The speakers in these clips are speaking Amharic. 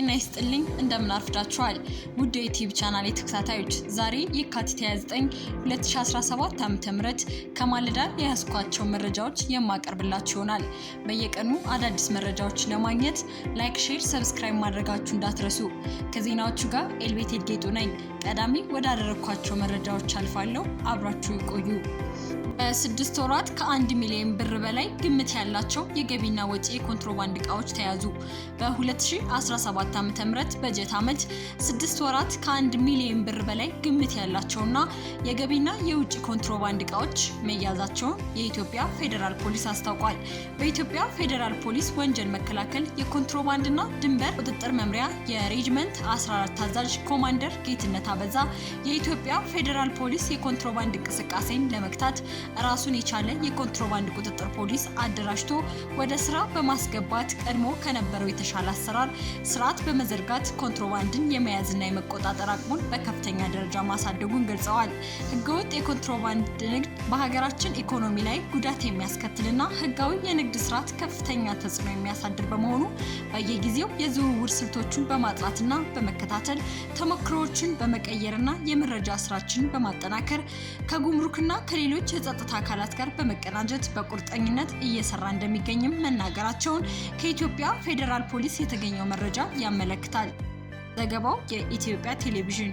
ጤና ይስጥልኝ እንደምን አርፍዳችኋል ውድ የዩቲዩብ ቻናሌ ተከታታዮች ዛሬ የካቲት 29 2017 ዓ.ም ከማለዳ የያዝኳቸው መረጃዎች የማቀርብላችሁ ይሆናል። በየቀኑ አዳዲስ መረጃዎች ለማግኘት ላይክ፣ ሼር፣ ሰብስክራይብ ማድረጋችሁ እንዳትረሱ። ከዜናዎቹ ጋር ኤልቤት ጌጡ ነኝ። ቀዳሚ ወዳደረግኳቸው መረጃዎች አልፋለሁ። አብራችሁ ይቆዩ። በስድስት ወራት ከአንድ ሚሊዮን ብር በላይ ግምት ያላቸው የገቢና ወጪ የኮንትሮባንድ እቃዎች ተያዙ። በ2017 2017 ዓ.ም በጀት ዓመት ስድስት ወራት ከ1 ሚሊዮን ብር በላይ ግምት ያላቸውና የገቢና የውጭ ኮንትሮባንድ እቃዎች መያዛቸውን የኢትዮጵያ ፌዴራል ፖሊስ አስታውቋል። በኢትዮጵያ ፌዴራል ፖሊስ ወንጀል መከላከል የኮንትሮባንድና ድንበር ቁጥጥር መምሪያ የሬጅመንት 14 አዛዥ ኮማንደር ጌትነት አበዛ የኢትዮጵያ ፌዴራል ፖሊስ የኮንትሮባንድ እንቅስቃሴን ለመግታት ራሱን የቻለ የኮንትሮባንድ ቁጥጥር ፖሊስ አደራጅቶ ወደ ስራ በማስገባት ቀድሞ ከነበረው የተሻለ አሰራር ስርዓት በመዘርጋት ኮንትሮባንድን የመያዝና የመቆጣጠር አቅሙን በከፍተኛ ደረጃ ማሳደጉን ገልጸዋል። ህገወጥ የኮንትሮባንድ ንግድ በሀገራችን ኢኮኖሚ ላይ ጉዳት የሚያስከትልና ህጋዊ የንግድ ስርዓት ከፍተኛ ተጽዕኖ የሚያሳድር በመሆኑ በየጊዜው የዝውውር ስልቶቹን በማጥራትና በመከታተል ተሞክሮዎችን በመቀየርና የመረጃ ስራችን በማጠናከር ከጉምሩክና ከሌሎች የጸጥታ አካላት ጋር በመቀናጀት በቁርጠኝነት እየሰራ እንደሚገኝም መናገራቸውን ከኢትዮጵያ ፌዴራል ፖሊስ የተገኘው መረጃ ያመለክታል። ዘገባው የኢትዮጵያ ቴሌቪዥን።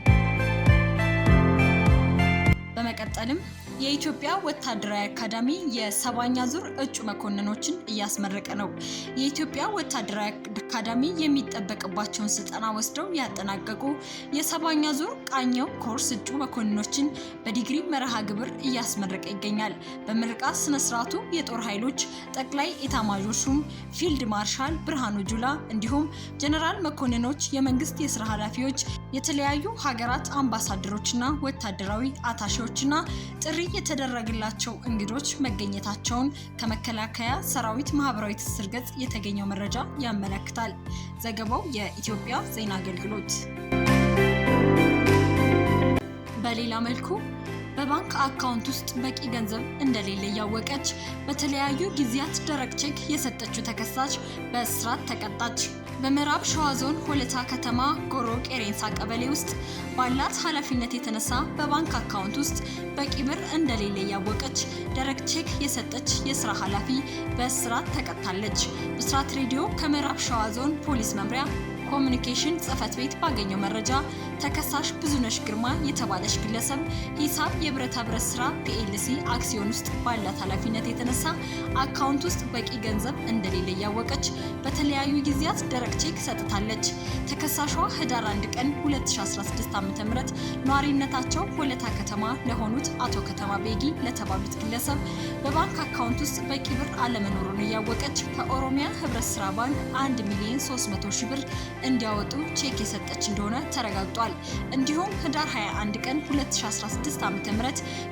በመቀጠልም የኢትዮጵያ ወታደራዊ አካዳሚ የሰባኛ ዙር እጩ መኮንኖችን እያስመረቀ ነው። የኢትዮጵያ ወታደራዊ አካዳሚ የሚጠበቅባቸውን ስልጠና ወስደው ያጠናቀቁ የሰባኛ ዙር ቃኘው ኮርስ እጩ መኮንኖችን በዲግሪ መርሃ ግብር እያስመረቀ ይገኛል። በምርቃ ስነስርዓቱ የጦር ኃይሎች ጠቅላይ ኢታማዦር ሹም ፊልድ ማርሻል ብርሃኑ ጁላ እንዲሁም ጀነራል መኮንኖች፣ የመንግስት የስራ ኃላፊዎች፣ የተለያዩ ሀገራት አምባሳደሮችና ወታደራዊ አታሼዎችና ጥሪ የተደረገላቸው እንግዶች መገኘታቸውን ከመከላከያ ሰራዊት ማህበራዊ ትስስር ገጽ የተገኘው መረጃ ያመለክታል። ዘገባው የኢትዮጵያ ዜና አገልግሎት። በሌላ መልኩ በባንክ አካውንት ውስጥ በቂ ገንዘብ እንደሌለ እያወቀች በተለያዩ ጊዜያት ደረቅ ቼክ የሰጠችው ተከሳሽ በእስራት ተቀጣች። በምዕራብ ሸዋ ዞን ሆለታ ከተማ ጎሮ ቄሬንሳ ቀበሌ ውስጥ ባላት ኃላፊነት የተነሳ በባንክ አካውንት ውስጥ በቂ ብር እንደሌለ እያወቀች ደረቅ ቼክ የሰጠች የስራ ኃላፊ በእስራት ተቀጣለች። ብስራት ሬዲዮ ከምዕራብ ሸዋ ዞን ፖሊስ መምሪያ ኮሚኒኬሽን ጽህፈት ቤት ባገኘው መረጃ ተከሳሽ ብዙነሽ ግርማ የተባለች ግለሰብ ሂሳብ የብረታ ብረት ስራ ፒኤልሲ አክሲዮን ውስጥ ባላት ኃላፊነት የተነሳ አካውንት ውስጥ በቂ ገንዘብ እንደሌለ እያወቀች በተለያዩ ጊዜያት ደረቅ ቼክ ሰጥታለች። ተከሳሿ ህዳር 1 ቀን 2016 ዓ.ም ነዋሪነታቸው ሆለታ ከተማ ለሆኑት አቶ ከተማ ቤጊ ለተባሉት ግለሰብ በባንክ አካውንት ውስጥ በቂ ብር አለመኖሩን እያወቀች ከኦሮሚያ ህብረት ስራ ባንክ 1 ሚሊዮን 300 ሺህ ብር እንዲያወጡ ቼክ የሰጠች እንደሆነ ተረጋግጧል። እንዲሁም ህዳር 21 ቀን 2016 ዓ.ም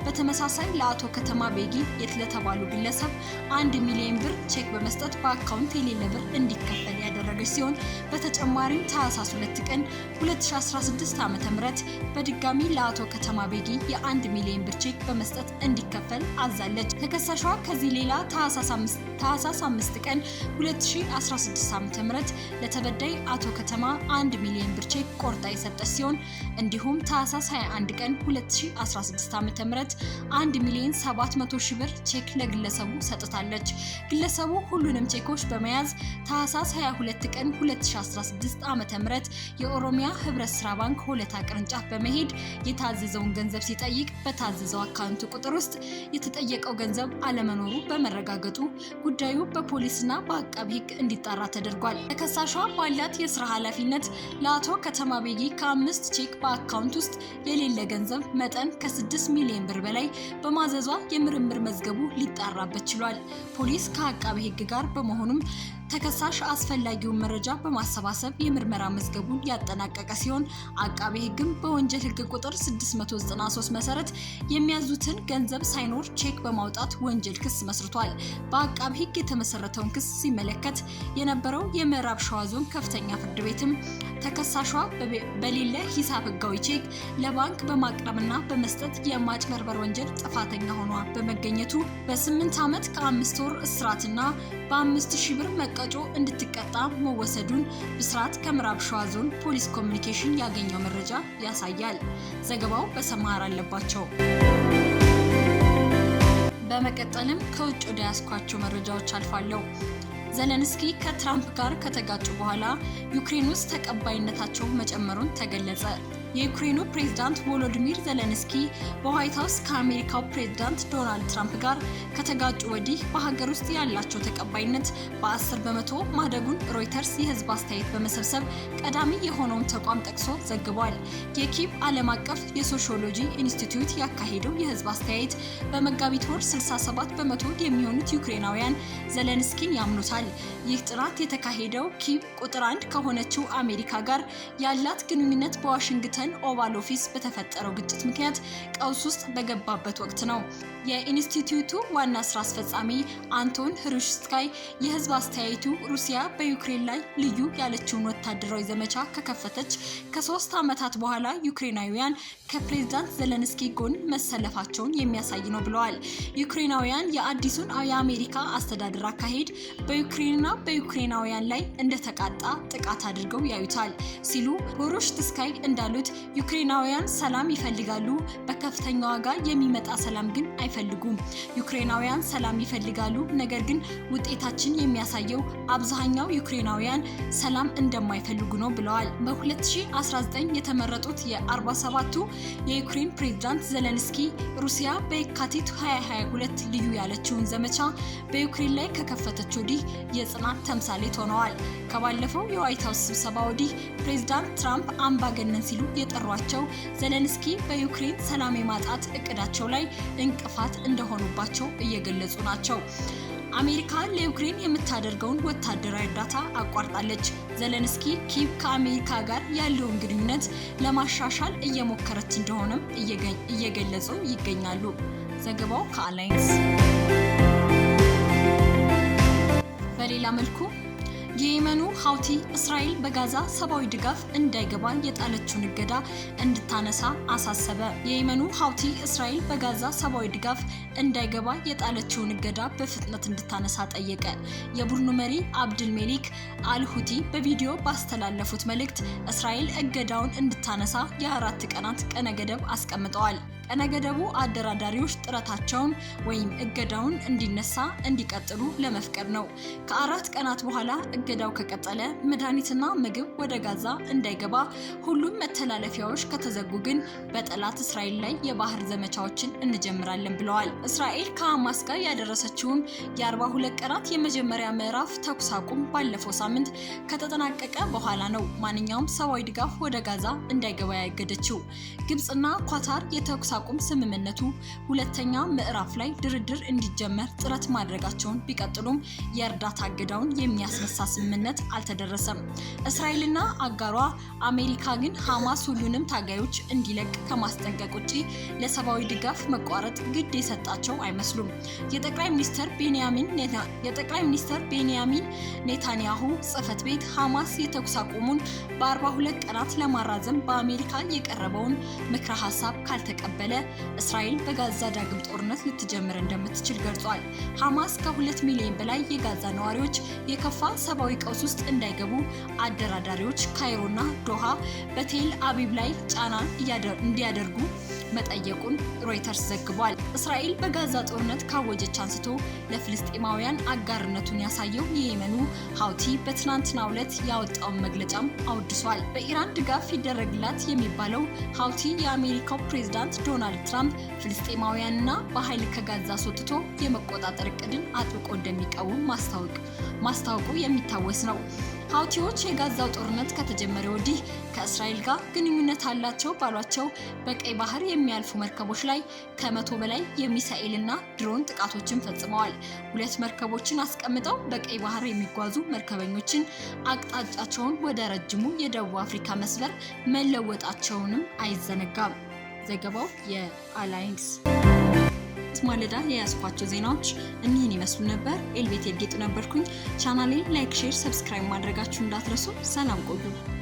በተመሳሳይ ለአቶ ከተማ ቤጊ ለተባሉ ግለሰብ አንድ ሚሊዮን ብር ቼክ በመስጠት በአካውንት የሌለ ብር እንዲከፈል ያደረ ያደረገች ሲሆን በተጨማሪም ታህሳስ 2 ቀን 2016 ም በድጋሚ ለአቶ ከተማ ቤጊ የአንድ ሚሊዮን ብር ቼክ በመስጠት እንዲከፈል አዛለች። ተከሳሿ ከዚህ ሌላ ታህሳስ 5 ቀን 2016 ም ለተበዳይ አቶ ከተማ 1 ሚሊዮን ብር ቼክ ቆርጣ የሰጠች ሲሆን እንዲሁም ታህሳስ 21 ቀን 2016 ዓ.ም 1 ሚሊዮን 700 ሺህ ብር ቼክ ለግለሰቡ ሰጥታለች። ግለሰቡ ሁሉንም ቼኮች በመያዝ ታህሳስ 22 ቀን 2016 ም የኦሮሚያ ህብረት ስራ ባንክ ሆለታ ቅርንጫፍ በመሄድ የታዘዘውን ገንዘብ ሲጠይቅ በታዘዘው አካውንት ቁጥር ውስጥ የተጠየቀው ገንዘብ አለመኖሩ በመረጋገጡ ጉዳዩ በፖሊስና በአቃቢ ህግ እንዲጣራ ተደርጓል። ተከሳሿ ባላት የስራ ኃላፊነት ለአቶ ከተማ ቤጊ ከአምስት ቼክ በአካውንት ውስጥ የሌለ ገንዘብ መጠን ከ ከ6 ሚሊዮን ብር በላይ በማዘዟ የምርምር መዝገቡ ሊጣራበት ችሏል። ፖሊስ ከአቃቢ ህግ ጋር በመሆኑም ተከሳሽ አስፈላጊውን መረጃ በማሰባሰብ የምርመራ መዝገቡን ያጠናቀቀ ሲሆን አቃቤ ሕግም በወንጀል ሕግ ቁጥር 693 መሰረት የሚያዙትን ገንዘብ ሳይኖር ቼክ በማውጣት ወንጀል ክስ መስርቷል። በአቃቤ ሕግ የተመሰረተውን ክስ ሲመለከት የነበረው የምዕራብ ሸዋ ዞን ከፍተኛ ፍርድ ቤትም ተከሳሿ በሌለ ሂሳብ ህጋዊ ቼክ ለባንክ በማቅረብና በመስጠት የማጭበርበር ወንጀል ጥፋተኛ ሆኗ በመገኘቱ በስምንት ዓመት ከአምስት ወር እስራትና በአምስት ሺህ ብር መቀጮ እንድትቀጣ መወሰዱን ብስራት ከምዕራብ ሸዋ ዞን ፖሊስ ኮሚኒኬሽን ያገኘው መረጃ ያሳያል። ዘገባው በሰማር አለባቸው። በመቀጠልም ከውጭ ወደ ያስኳቸው መረጃዎች አልፋለሁ። ዘለንስኪ ከትራምፕ ጋር ከተጋጩ በኋላ ዩክሬን ውስጥ ተቀባይነታቸው መጨመሩን ተገለጸ። የዩክሬኑ ፕሬዝዳንት ቮሎዲሚር ዘለንስኪ በዋይት ሀውስ ከአሜሪካው ፕሬዝዳንት ዶናልድ ትራምፕ ጋር ከተጋጩ ወዲህ በሀገር ውስጥ ያላቸው ተቀባይነት በ10 በመቶ ማደጉን ሮይተርስ የህዝብ አስተያየት በመሰብሰብ ቀዳሚ የሆነውን ተቋም ጠቅሶ ዘግቧል። የኪብ ዓለም አቀፍ የሶሺዮሎጂ ኢንስቲትዩት ያካሄደው የህዝብ አስተያየት በመጋቢት ወር 67 በመቶ የሚሆኑት ዩክሬናውያን ዘለንስኪን ያምኑታል። ይህ ጥናት የተካሄደው ኪብ ቁጥር አንድ ከሆነችው አሜሪካ ጋር ያላት ግንኙነት በዋሽንግተን በለንደን ኦቫል ኦፊስ በተፈጠረው ግጭት ምክንያት ቀውስ ውስጥ በገባበት ወቅት ነው። የኢንስቲትዩቱ ዋና ስራ አስፈጻሚ አንቶን ህሩሽስካይ የህዝብ አስተያየቱ ሩሲያ በዩክሬን ላይ ልዩ ያለችውን ወታደራዊ ዘመቻ ከከፈተች ከሶስት ዓመታት በኋላ ዩክሬናውያን ከፕሬዝዳንት ዘለንስኪ ጎን መሰለፋቸውን የሚያሳይ ነው ብለዋል። ዩክሬናውያን የአዲሱን የአሜሪካ አስተዳደር አካሄድ በዩክሬንና በዩክሬናውያን ላይ እንደተቃጣ ጥቃት አድርገው ያዩታል ሲሉ ሆሮሽ ትስካይ እንዳሉት ማለት ዩክሬናውያን ሰላም ይፈልጋሉ፣ በከፍተኛ ዋጋ የሚመጣ ሰላም ግን አይፈልጉም። ዩክሬናውያን ሰላም ይፈልጋሉ፣ ነገር ግን ውጤታችን የሚያሳየው አብዛኛው ዩክሬናውያን ሰላም እንደማይፈልጉ ነው ብለዋል። በ2019 የተመረጡት የ47ቱ የዩክሬን ፕሬዝዳንት ዘለንስኪ ሩሲያ በየካቲት 2022 ልዩ ያለችውን ዘመቻ በዩክሬን ላይ ከከፈተች ወዲህ የጽናት ተምሳሌት ሆነዋል። ከባለፈው የዋይት ሀውስ ስብሰባ ወዲህ ፕሬዝዳንት ትራምፕ አምባገነን ሲሉ የጠሯቸው ዘለንስኪ በዩክሬን ሰላም የማጣት እቅዳቸው ላይ እንቅፋት እንደሆኑባቸው እየገለጹ ናቸው። አሜሪካ ለዩክሬን የምታደርገውን ወታደራዊ እርዳታ አቋርጣለች። ዘለንስኪ ኪቭ ከአሜሪካ ጋር ያለውን ግንኙነት ለማሻሻል እየሞከረች እንደሆነም እየገለጹ ይገኛሉ። ዘገባው ከአላይንስ በሌላ መልኩ የየመኑ ሀውቲ እስራኤል በጋዛ ሰብአዊ ድጋፍ እንዳይገባ የጣለችውን እገዳ እንድታነሳ አሳሰበ። የየመኑ ሀውቲ እስራኤል በጋዛ ሰብአዊ ድጋፍ እንዳይገባ የጣለችውን እገዳ በፍጥነት እንድታነሳ ጠየቀ። የቡድኑ መሪ አብድል ሜሊክ አልሁቲ በቪዲዮ ባስተላለፉት መልእክት እስራኤል እገዳውን እንድታነሳ የአራት ቀናት ቀነ ገደብ አስቀምጠዋል። ቀነ ገደቡ አደራዳሪዎች ጥረታቸውን ወይም እገዳውን እንዲነሳ እንዲቀጥሉ ለመፍቀድ ነው። ከአራት ቀናት በኋላ እገዳው ከቀጠለ መድኃኒትና ምግብ ወደ ጋዛ እንዳይገባ፣ ሁሉም መተላለፊያዎች ከተዘጉ ግን በጠላት እስራኤል ላይ የባህር ዘመቻዎችን እንጀምራለን ብለዋል። እስራኤል ከሐማስ ጋር ያደረሰችውን የ42 ቀናት የመጀመሪያ ምዕራፍ ተኩስ አቁም ባለፈው ሳምንት ከተጠናቀቀ በኋላ ነው ማንኛውም ሰብአዊ ድጋፍ ወደ ጋዛ እንዳይገባ ያገደችው። ግብፅና ኳታር የተኩስ አቁም ስምምነቱ ሁለተኛ ምዕራፍ ላይ ድርድር እንዲጀመር ጥረት ማድረጋቸውን ቢቀጥሉም የእርዳታ እገዳውን የሚያስነሳ ስምምነት አልተደረሰም። እስራኤልና አጋሯ አሜሪካ ግን ሐማስ ሁሉንም ታጋዮች እንዲለቅ ከማስጠንቀቅ ውጪ ለሰብአዊ ድጋፍ መቋረጥ ግድ የሰጣቸው አይመስሉም። የጠቅላይ ሚኒስትር ቤንያሚን የጠቅላይ ሚኒስትር ቤንያሚን ኔታንያሁ ጽህፈት ቤት ሐማስ የተኩስ አቁሙን በ42 ቀናት ለማራዘም በአሜሪካ የቀረበውን ምክረ ሀሳብ ካልተቀበለ በዘለለ እስራኤል በጋዛ ዳግም ጦርነት ልትጀምር እንደምትችል ገልጿል። ሐማስ ከሁለት ሚሊዮን በላይ የጋዛ ነዋሪዎች የከፋ ሰብአዊ ቀውስ ውስጥ እንዳይገቡ አደራዳሪዎች ካይሮና ዶሃ በቴል አቢብ ላይ ጫና እንዲያደርጉ መጠየቁን ሮይተርስ ዘግቧል። እስራኤል በጋዛ ጦርነት ካወጀች አንስቶ ለፍልስጤማውያን አጋርነቱን ያሳየው የየመኑ ሀውቲ በትናንትናው ዕለት ያወጣውን መግለጫም አውድሷል። በኢራን ድጋፍ ይደረግላት የሚባለው ሀውቲ የአሜሪካው ፕሬዝዳንት ዶናልድ ትራምፕ ፍልስጤማውያንና በኃይል ከጋዛ አስወጥቶ የመቆጣጠር እቅድን አጥብቆ እንደሚቃወም ማስታወቁ የሚታወስ ነው። ሀውቲዎች የጋዛው ጦርነት ከተጀመረ ወዲህ ከእስራኤል ጋር ግንኙነት አላቸው ባሏቸው በቀይ ባህር የሚያልፉ መርከቦች ላይ ከመቶ በላይ የሚሳኤልና ድሮን ጥቃቶችን ፈጽመዋል። ሁለት መርከቦችን አስቀምጠው በቀይ ባህር የሚጓዙ መርከበኞችን አቅጣጫቸውን ወደ ረጅሙ የደቡብ አፍሪካ መስበር መለወጣቸውንም አይዘነጋም። ዘገባው የአላይንስ ጠዋት ማለዳ የያዝኳቸው ዜናዎች እኒህን ይመስሉ ነበር። ኤልቤት የጌጡ ነበርኩኝ። ቻናሌን ላይክ፣ ሼር፣ ሰብስክራይብ ማድረጋችሁ እንዳትረሱ። ሰላም ቆዩ።